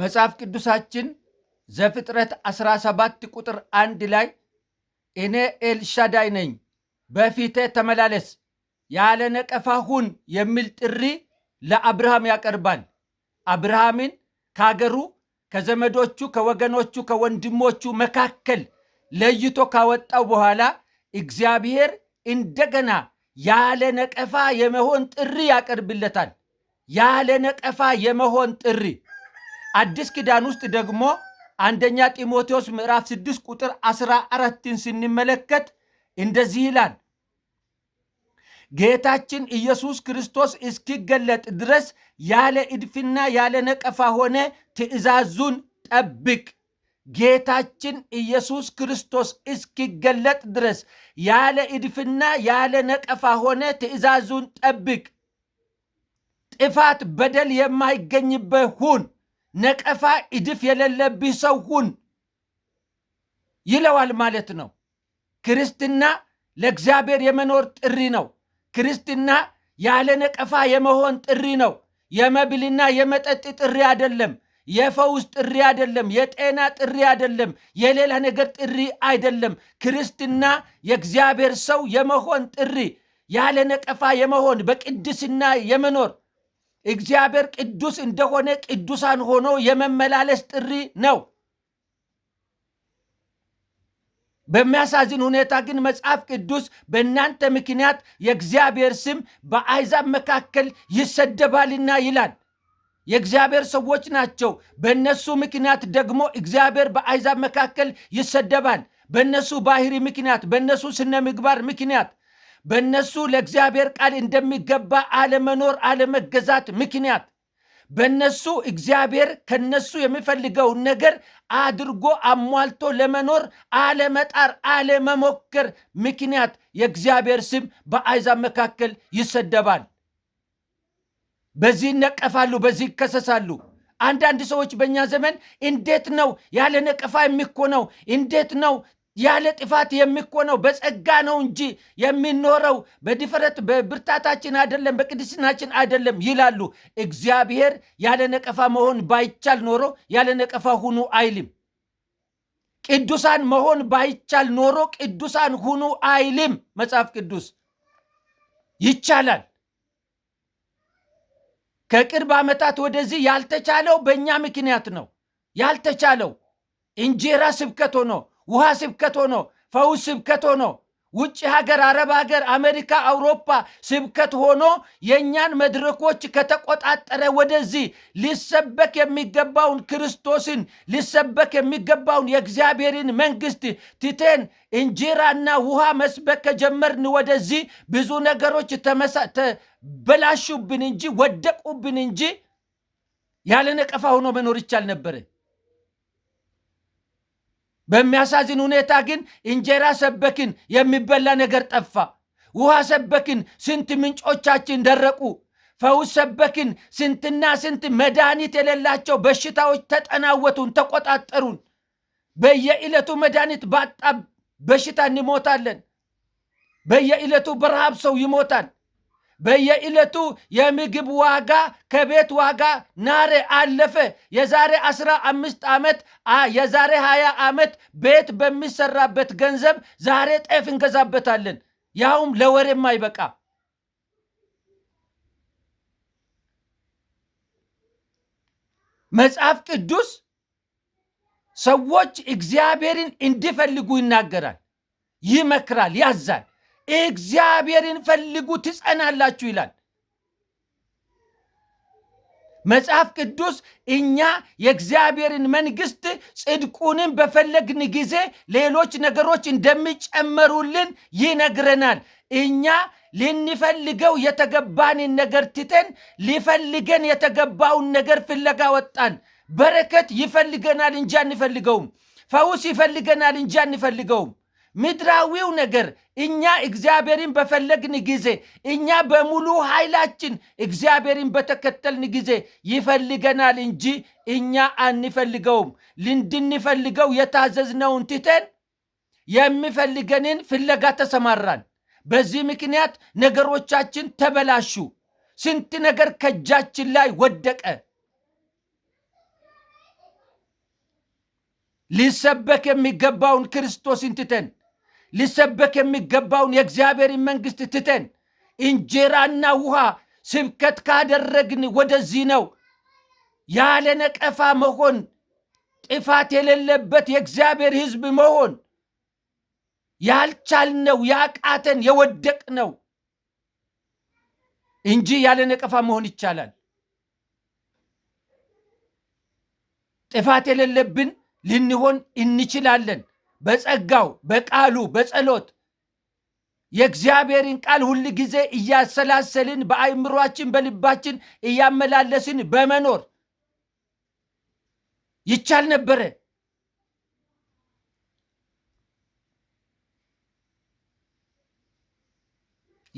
መጽሐፍ ቅዱሳችን ዘፍጥረት 17 ቁጥር አንድ ላይ እኔ ኤልሻዳይ ነኝ፣ በፊቴ ተመላለስ፣ ያለ ነቀፋ ሁን የሚል ጥሪ ለአብርሃም ያቀርባል። አብርሃምን ካገሩ ከዘመዶቹ፣ ከወገኖቹ፣ ከወንድሞቹ መካከል ለይቶ ካወጣው በኋላ እግዚአብሔር እንደገና ያለ ነቀፋ የመሆን ጥሪ ያቀርብለታል። ያለ ነቀፋ የመሆን ጥሪ አዲስ ኪዳን ውስጥ ደግሞ አንደኛ ጢሞቴዎስ ምዕራፍ 6 ቁጥር 14ን ስንመለከት እንደዚህ ይላል፣ ጌታችን ኢየሱስ ክርስቶስ እስኪገለጥ ድረስ ያለ እድፍና ያለ ነቀፋ ሆነ ትእዛዙን ጠብቅ። ጌታችን ኢየሱስ ክርስቶስ እስኪገለጥ ድረስ ያለ እድፍና ያለ ነቀፋ ሆነ ትእዛዙን ጠብቅ። ጥፋት፣ በደል የማይገኝበት ሁን ነቀፋ ኢድፍ የሌለብህ ሰው ሁን ይለዋል ማለት ነው። ክርስትና ለእግዚአብሔር የመኖር ጥሪ ነው። ክርስትና ያለ ነቀፋ የመሆን ጥሪ ነው። የመብልና የመጠጥ ጥሪ አይደለም። የፈውስ ጥሪ አይደለም። የጤና ጥሪ አይደለም። የሌላ ነገር ጥሪ አይደለም። ክርስትና የእግዚአብሔር ሰው የመሆን ጥሪ፣ ያለ ነቀፋ የመሆን በቅድስና የመኖር እግዚአብሔር ቅዱስ እንደሆነ ቅዱሳን ሆኖ የመመላለስ ጥሪ ነው። በሚያሳዝን ሁኔታ ግን መጽሐፍ ቅዱስ በእናንተ ምክንያት የእግዚአብሔር ስም በአሕዛብ መካከል ይሰደባልና ይላል። የእግዚአብሔር ሰዎች ናቸው። በእነሱ ምክንያት ደግሞ እግዚአብሔር በአሕዛብ መካከል ይሰደባል። በእነሱ ባህሪ ምክንያት፣ በእነሱ ስነ ምግባር ምክንያት በእነሱ ለእግዚአብሔር ቃል እንደሚገባ አለመኖር፣ አለመገዛት ምክንያት በእነሱ እግዚአብሔር ከነሱ የሚፈልገውን ነገር አድርጎ አሟልቶ ለመኖር አለመጣር፣ አለመሞከር ምክንያት የእግዚአብሔር ስም በአሕዛብ መካከል ይሰደባል። በዚህ ይነቀፋሉ፣ በዚህ ይከሰሳሉ። አንዳንድ ሰዎች በእኛ ዘመን እንዴት ነው ያለ ነቀፋ የሚኮነው? እንዴት ነው ያለ ጥፋት የሚኮነው በጸጋ ነው እንጂ የሚኖረው በድፍረት በብርታታችን አይደለም፣ በቅድስናችን አይደለም ይላሉ። እግዚአብሔር ያለ ነቀፋ መሆን ባይቻል ኖሮ ያለ ነቀፋ ሁኑ አይልም። ቅዱሳን መሆን ባይቻል ኖሮ ቅዱሳን ሁኑ አይልም። መጽሐፍ ቅዱስ ይቻላል። ከቅርብ ዓመታት ወደዚህ ያልተቻለው በእኛ ምክንያት ነው። ያልተቻለው እንጀራ ስብከት ሆኖ ውሃ ስብከት ሆኖ ፈውስ ስብከት ሆኖ ውጭ ሀገር፣ አረብ ሀገር፣ አሜሪካ፣ አውሮፓ ስብከት ሆኖ የእኛን መድረኮች ከተቆጣጠረ ወደዚህ ሊሰበክ የሚገባውን ክርስቶስን ሊሰበክ የሚገባውን የእግዚአብሔርን መንግስት ትተን እንጀራና ውሃ መስበክ ከጀመርን ወደዚህ ብዙ ነገሮች ተበላሹብን እንጂ ወደቁብን እንጂ ያለ ነቀፋ ሆኖ መኖር ይቻል ነበረ። በሚያሳዝን ሁኔታ ግን እንጀራ ሰበክን፣ የሚበላ ነገር ጠፋ። ውሃ ሰበክን፣ ስንት ምንጮቻችን ደረቁ። ፈውስ ሰበክን፣ ስንትና ስንት መድኃኒት የሌላቸው በሽታዎች ተጠናወቱን፣ ተቆጣጠሩን። በየዕለቱ መድኃኒት ባጣ በሽታ እንሞታለን። በየዕለቱ በረሃብ ሰው ይሞታል። በየዕለቱ የምግብ ዋጋ ከቤት ዋጋ ናረ አለፈ። የዛሬ 15 ዓመት የዛሬ 20 ዓመት ቤት በሚሰራበት ገንዘብ ዛሬ ጤፍ እንገዛበታለን፣ ያውም ለወር የማይበቃ መጽሐፍ ቅዱስ ሰዎች እግዚአብሔርን እንዲፈልጉ ይናገራል፣ ይመክራል፣ ያዛል። እግዚአብሔርን ፈልጉ ትጸናላችሁ ይላል መጽሐፍ ቅዱስ። እኛ የእግዚአብሔርን መንግስት ጽድቁንም በፈለግን ጊዜ ሌሎች ነገሮች እንደሚጨመሩልን ይነግረናል። እኛ ልንፈልገው የተገባንን ነገር ትተን ሊፈልገን የተገባውን ነገር ፍለጋ ወጣን። በረከት ይፈልገናል እንጂ አንፈልገውም። ፈውስ ይፈልገናል እንጂ አንፈልገውም። ምድራዊው ነገር እኛ እግዚአብሔርን በፈለግን ጊዜ እኛ በሙሉ ኃይላችን እግዚአብሔርን በተከተልን ጊዜ ይፈልገናል እንጂ እኛ አንፈልገውም። ልንድንፈልገው የታዘዝነውን ትተን የሚፈልገንን ፍለጋ ተሰማራን። በዚህ ምክንያት ነገሮቻችን ተበላሹ። ስንት ነገር ከእጃችን ላይ ወደቀ። ሊሰበክ የሚገባውን ክርስቶስን ትተን ሊሰበክ የሚገባውን የእግዚአብሔር መንግስት ትተን እንጀራና ውሃ ስብከት ካደረግን ወደዚህ ነው ያለ ነቀፋ መሆን ጥፋት የሌለበት የእግዚአብሔር ህዝብ መሆን ያልቻልነው ያቃተን የወደቅ ነው እንጂ ያለ ነቀፋ መሆን ይቻላል። ጥፋት የሌለብን ልንሆን እንችላለን። በጸጋው በቃሉ በጸሎት የእግዚአብሔርን ቃል ሁል ጊዜ እያሰላሰልን በአይምሯችን በልባችን እያመላለስን በመኖር ይቻል ነበረ።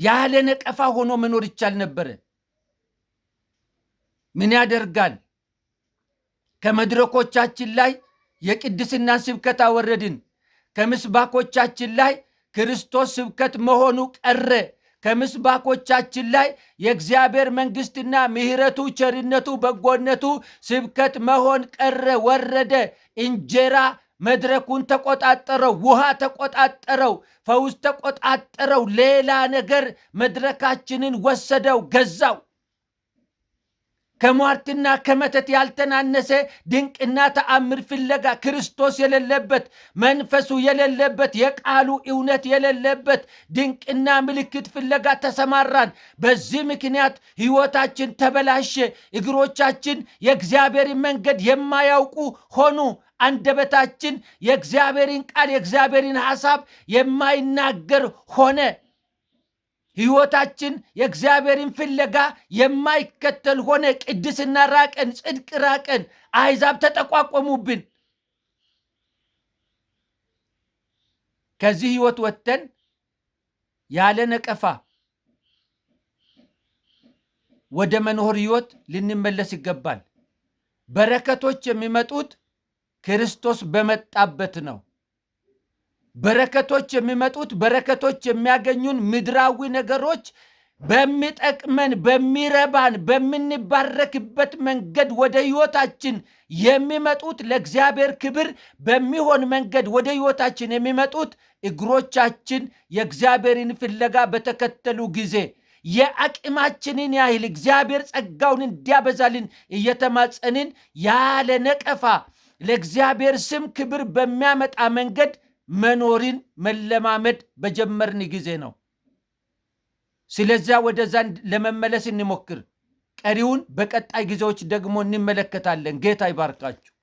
ያለ ነቀፋ ሆኖ መኖር ይቻል ነበረ። ምን ያደርጋል ከመድረኮቻችን ላይ የቅድስና ስብከት አወረድን። ከምስባኮቻችን ላይ ክርስቶስ ስብከት መሆኑ ቀረ። ከምስባኮቻችን ላይ የእግዚአብሔር መንግሥትና ምሕረቱ፣ ቸርነቱ፣ በጎነቱ ስብከት መሆን ቀረ፣ ወረደ። እንጀራ መድረኩን ተቆጣጠረው፣ ውሃ ተቆጣጠረው፣ ፈውስ ተቆጣጠረው። ሌላ ነገር መድረካችንን ወሰደው፣ ገዛው። ከሟርትና ከመተት ያልተናነሰ ድንቅና ተአምር ፍለጋ ክርስቶስ የሌለበት መንፈሱ የሌለበት የቃሉ እውነት የሌለበት ድንቅና ምልክት ፍለጋ ተሰማራን። በዚህ ምክንያት ሕይወታችን ተበላሸ። እግሮቻችን የእግዚአብሔርን መንገድ የማያውቁ ሆኑ። አንደበታችን የእግዚአብሔርን ቃል የእግዚአብሔርን ሐሳብ የማይናገር ሆነ። ሕይወታችን የእግዚአብሔርን ፍለጋ የማይከተል ሆነ። ቅድስና ራቀን፣ ጽድቅ ራቀን፣ አሕዛብ ተጠቋቆሙብን። ከዚህ ሕይወት ወጥተን ያለ ነቀፋ ወደ መኖር ሕይወት ልንመለስ ይገባል። በረከቶች የሚመጡት ክርስቶስ በመጣበት ነው። በረከቶች የሚመጡት በረከቶች የሚያገኙን ምድራዊ ነገሮች በሚጠቅመን በሚረባን በምንባረክበት መንገድ ወደ ህይወታችን የሚመጡት ለእግዚአብሔር ክብር በሚሆን መንገድ ወደ ህይወታችን የሚመጡት እግሮቻችን የእግዚአብሔርን ፍለጋ በተከተሉ ጊዜ የአቅማችንን ያህል እግዚአብሔር ጸጋውን እንዲያበዛልን እየተማጸንን ያለ ነቀፋ ለእግዚአብሔር ስም ክብር በሚያመጣ መንገድ መኖርን መለማመድ በጀመርን ጊዜ ነው። ስለዚያ ወደዛ ለመመለስ እንሞክር። ቀሪውን በቀጣይ ጊዜዎች ደግሞ እንመለከታለን። ጌታ ይባርካችሁ።